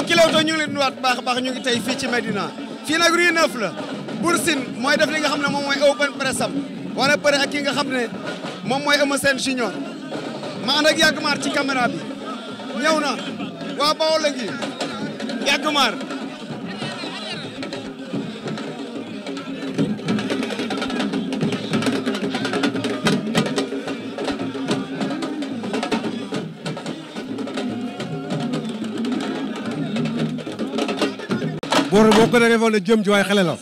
mbokki Leewtoo ñu ngi leen nuyuwaat baax a baax ñu ngi tey fii ci Medina fii nag mooy def li nga xam ne moom mooy open press am wala bëre ak ki nga xam ne moom mooy Eumeu Sène junior ma ànd ak Yagmar ci caméra bi na waa Bawol la ngi Yagmar ko ne defoon ne jëm ci waaye xale la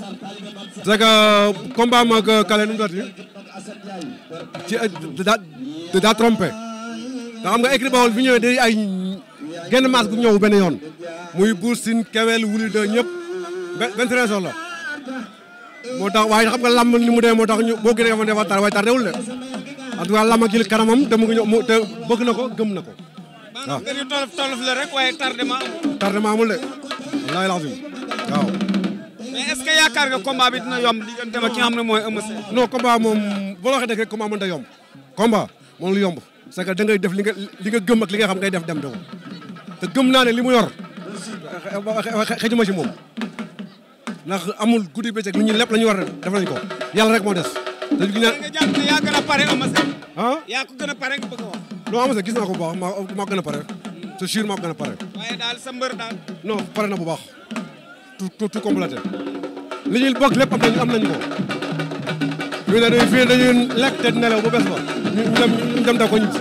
c'est que mag euh, kale nu dati ci euh, da daa trompé te xam nga bi ñëwee day ay genn maas gu ñëw benn yoon muy buur sin kewel wuli de ñëpp benn trésor la moo tax waaye xam nga làmm li mu dee moo tax ñu boo gënee fa defa tar waaye tar dewul de en kanamam te bëgg na ko gëm na ko waaw. tolof tolof la rek waaye tardement amul. tardement amul de waaw. mais est-ce que yaakaar nga combat bi na yomb diggante ak ki nga xam mooy Eumeu Sène. non moom boo waxee rek combat mënut a yomb. combat moom lu yomb parce que da ngay def li nga li nga gëm ak li nga xam ngay def dem de ko te gëm naa ne li mu yor xejuma ci moom ndax amul guddi bëccëg nit ñu lépp la ñu war a def nañ ko yàlla rek moo des. dañu gis nga jàpp ne yaa gën a pare Eumeu Sène. ah yaa ko gën a pare nga bëgg a gis naa ko bu baax maa maa gën a pare. c'est sûr maa ko gën a pare. waaye sa mbër daal. non pare na bu baax. tout tout complété li ñuy bokk lépp am nañu am nañu ko. ñu ne fii dañuy lekk te nelaw bu bes ba ñu dem ñu dem da ko ñibbi.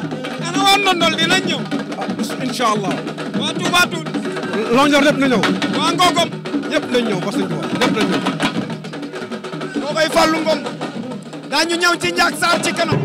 ana waa Ndondol dinañ ñëw. ah incha allah. waa Touba Toul. Londior lépp na ñëw. waa Ngogom. ñëpp nañ ñëw ba suñu bopp ñëpp nañ ñëw. boo koy fàllu ngom daañu ñëw ci Ndiak Sarr ci kanam.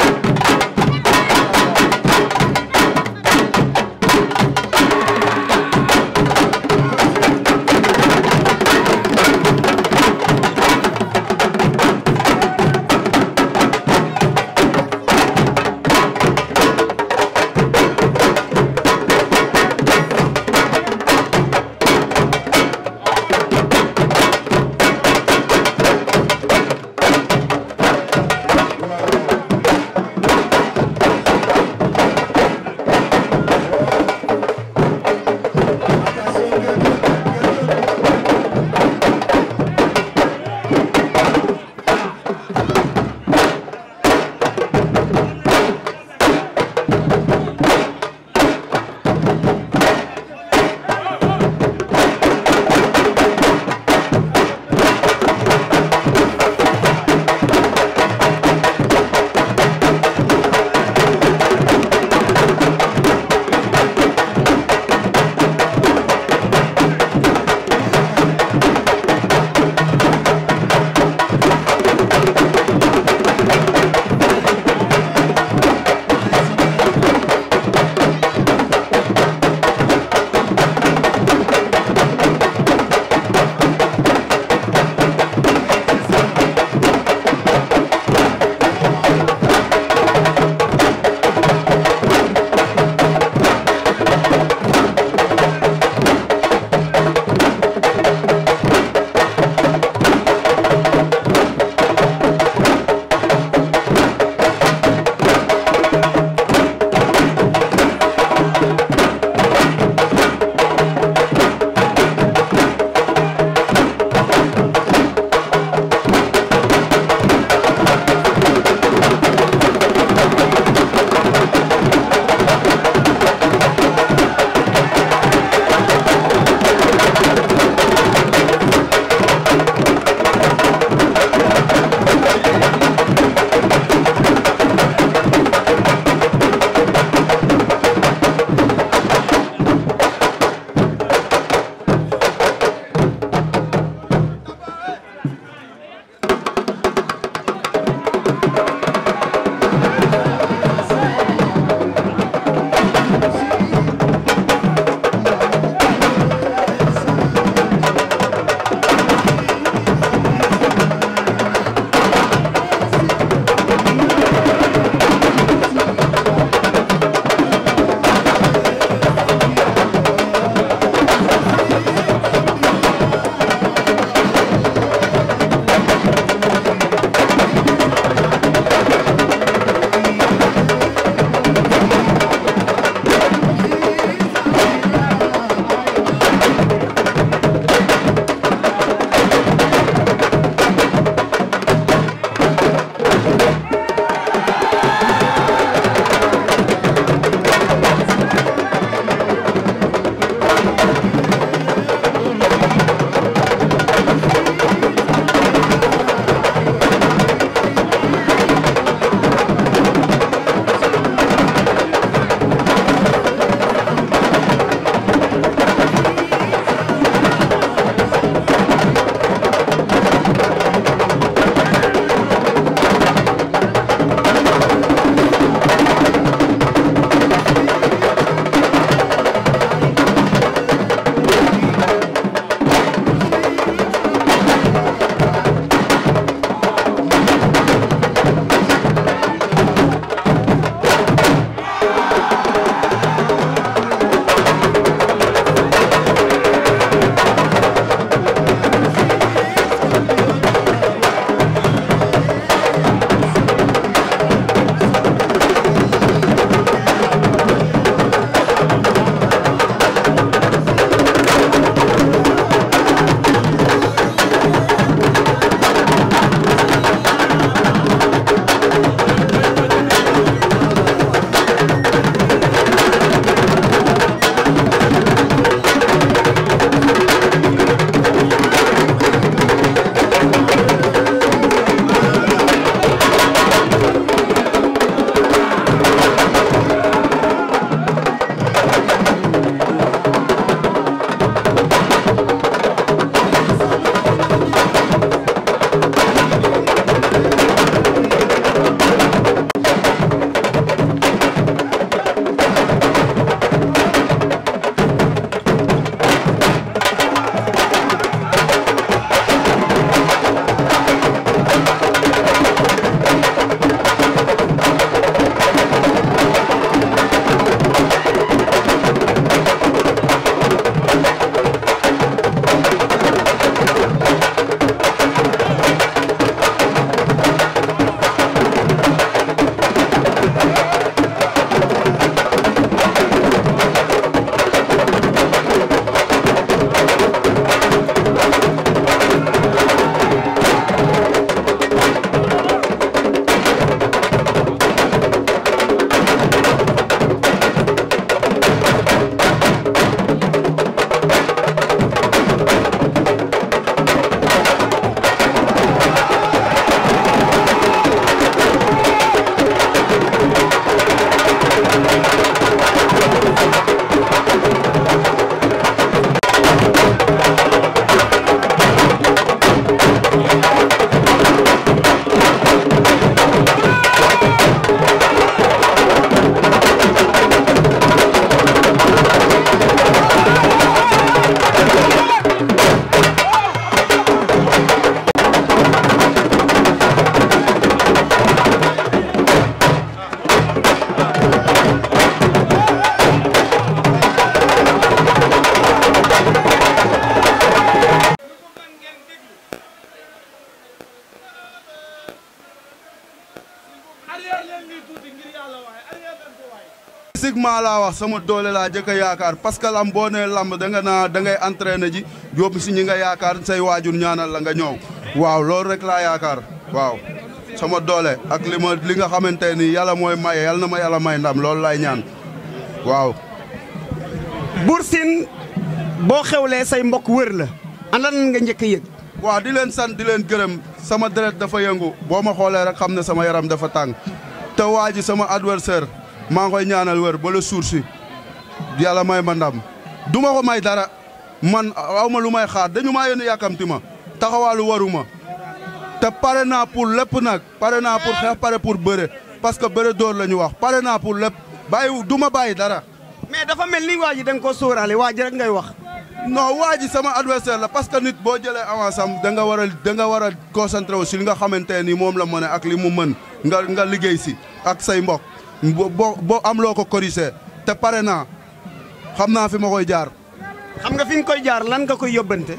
vraiment laa wax sama doole laa jëkk a yaakaar parce que lamb boo nee lamb da nga naa da ngay entraîné ji yóbbu si ñi nga yaakaar say waajur ñaanal la nga ñëw waaw loolu rek laa yaakaar waaw sama doole ak li ma li nga xamante ni yàlla mooy maye yàlla na ma yàlla may ndam loolu laay ñaan waaw Bour Sine boo xewlee say mbokk wër la anan nga njëkk a yëg waaw di leen sant di leen gërëm sama deret dafa yëngu boo ma xoolee rek xam ne sama yaram dafa tàng te waa ji sama adversaire maa ngi koy ñaanal wér ba suur si yàlla may ma ndam du ma ko may dara man aw ma lu may xaar dañu maa yónni yàkkamti ma taxawaalu waru te pare naa pour lépp nag pare naa pour xeex pare pour bëre parce que bëre door la ñu wax pare naa pour lépp bàyyi du ma bàyyi dara. mais dafa mel ni waa ji da nga koo sóoraale waa ji ngay wax. non waa ji sama adversaire la parce que nit boo jëlee avance am da nga war a da nga war a concentré wu si li nga xamante ni moom la mën ak li mu mën nga nga liggéey si ak say mbokk. boo boo am loo ko corrigé te pare naa xam naa fi ma koy jaar. xam nga fi nga koy jaar lan nga koy yóbbante.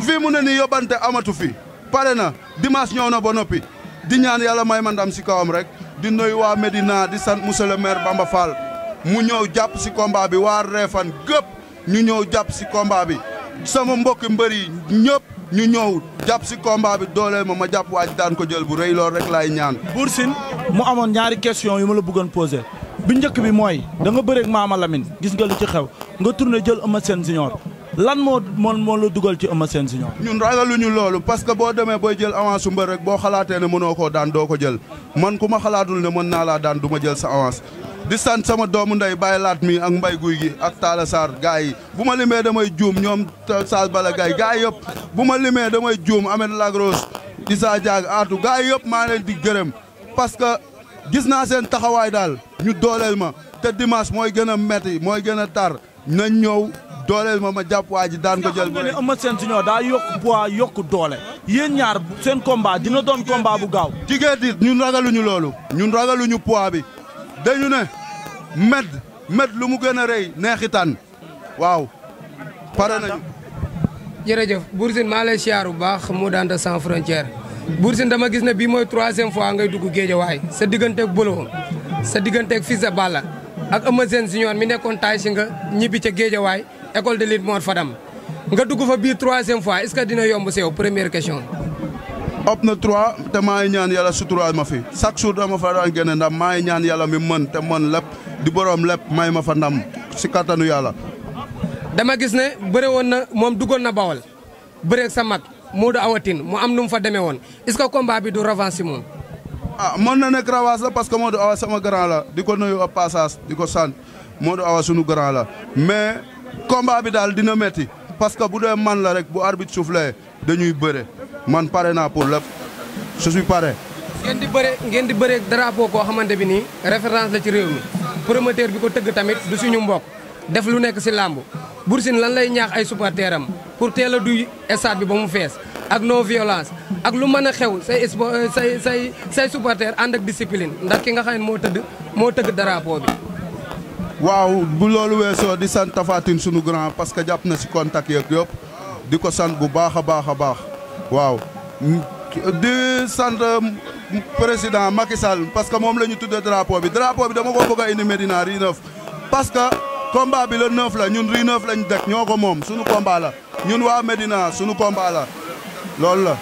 fii mu ne nii yóbbante amatu fi pare na dimanche ñëw na ba noppi di ñaan yàlla may ma ndam si kawam rek di nuyu waa medinaa di sant monsieur le maire Bamba Fall mu ñëw jàpp si combat bi waa Réfane gëpp ñu ñëw jàpp si combat bi sama mbokki mbër yi ñëpp. ñu ñëw jàpp si combat bi dooleel ma ma jàpp waaj daan ko jël bu rëy loolu rek laay ñaan. Bour Sine mu amoon ñaari question yu ma la bëggoon posé bu njëkk bi mooy danga nga bëreeg Maama Lamine gis nga li ci xew nga tourné jël Eumeu Sène Junior lan moo moo moo la dugal ci Eumeu Sène Junior ñun ragaluñu loolu parce que boo demee booy jël avance su mbër rek boo xalaatee ne mënoo koo daan doo ko jël man ku ma xalaatul ne mën naa laa daan duma jël sa avance di sant sama doomu ndey bàyyi laat mi ak mbay guy gi ak Talla Sarr gars yi bu ma limee damay juum ñoom Saal Bala gars yi gars yëpp bu ma limee damay juum Ahmed Lagros Issa Diagne Atou gars yi yëpp maa leen di gërëm parce que gis naa seen taxawaay daal ñu dooleel ma te dimanche mooy gën a metti mooy gën a tar nañ ñëw dooleel ma ma jàpp waa ji daan ko jël. bu ne Eumeu Sène Junior daa yokk poids yokk doole. yéen ñaar seen combat dina doon combat bu gaaw. jigéen di ñun ragaluñu loolu. ñun ragaluñu poids bi. dañu ne med med lu mu gën a rëy neexitaan waaw pare nañu. jërëjëf Bour Sine maa lay siyaar bu baax mu daanta sans frontière Bour Sine dama gis ne bii mooy troisième fois ngay dugg géejawaay sa digganteeg Bolo sa digganteeg fisa de ak Eumeu Sène Junior mi nekkoon taay si nga ñibbi ca Géejawaay école de lutte Fadam nga dugg fa biir troisième fois est-ce que dina yomb si yow première question. op na trois te maa ñaan yàlla suturaal ma fi chaque jour dama fa daan génne ndam maa ngi ñaan yàlla mi mën te mën lépp di borom lépp may ma fa ndam si kattanu yàlla. dama gis ne bëre woon na moom duggoon na Bawol bëreeg sa mag Modou Awatine mu am nu mu fa demee woon est-ce que combat bi du revanche si ah mën na nekk rawaas la parce que Modou Awa sama grand la di ko nuyu ab passage di ko sant Modou Awa sunu grand la mais combat bi daal dina metti parce que bu dee man la rek bu arbitre soufflé dañuy bëre man pare naa pour lépp je suis pare. ngeen di bëre ngeen di bëre drapeau koo xamante bi nii référence la ci réew mi promoteur bi ko tëgg tamit du suñu mbokk def lu nekk si làmb Bour Sine lan lay ñaax ay supporteram pour teel a duy stade bi ba mu fees ak non violence. ak lu mën a xew say say say say supporter ànd ak discipline ndax ki nga xam ne moo tëdd moo tëgg daraapo bi. waaw bu loolu weesoo di sant Tafatine sunu grand parce que jàpp na si contact yeeg yëpp di ko sant bu baax a baax a baax waaw. di sant euh, président Macky Sall parce que moom la ñu tuddee drapeau bi drapeau bi dama ko bëgg a indi Medina Rue 9 parce que combat bi le 9 la ñun Rue 9 lañ dëkk ñoo ko moom sunu combat la ñun waa Medina sunu combat la. loolu la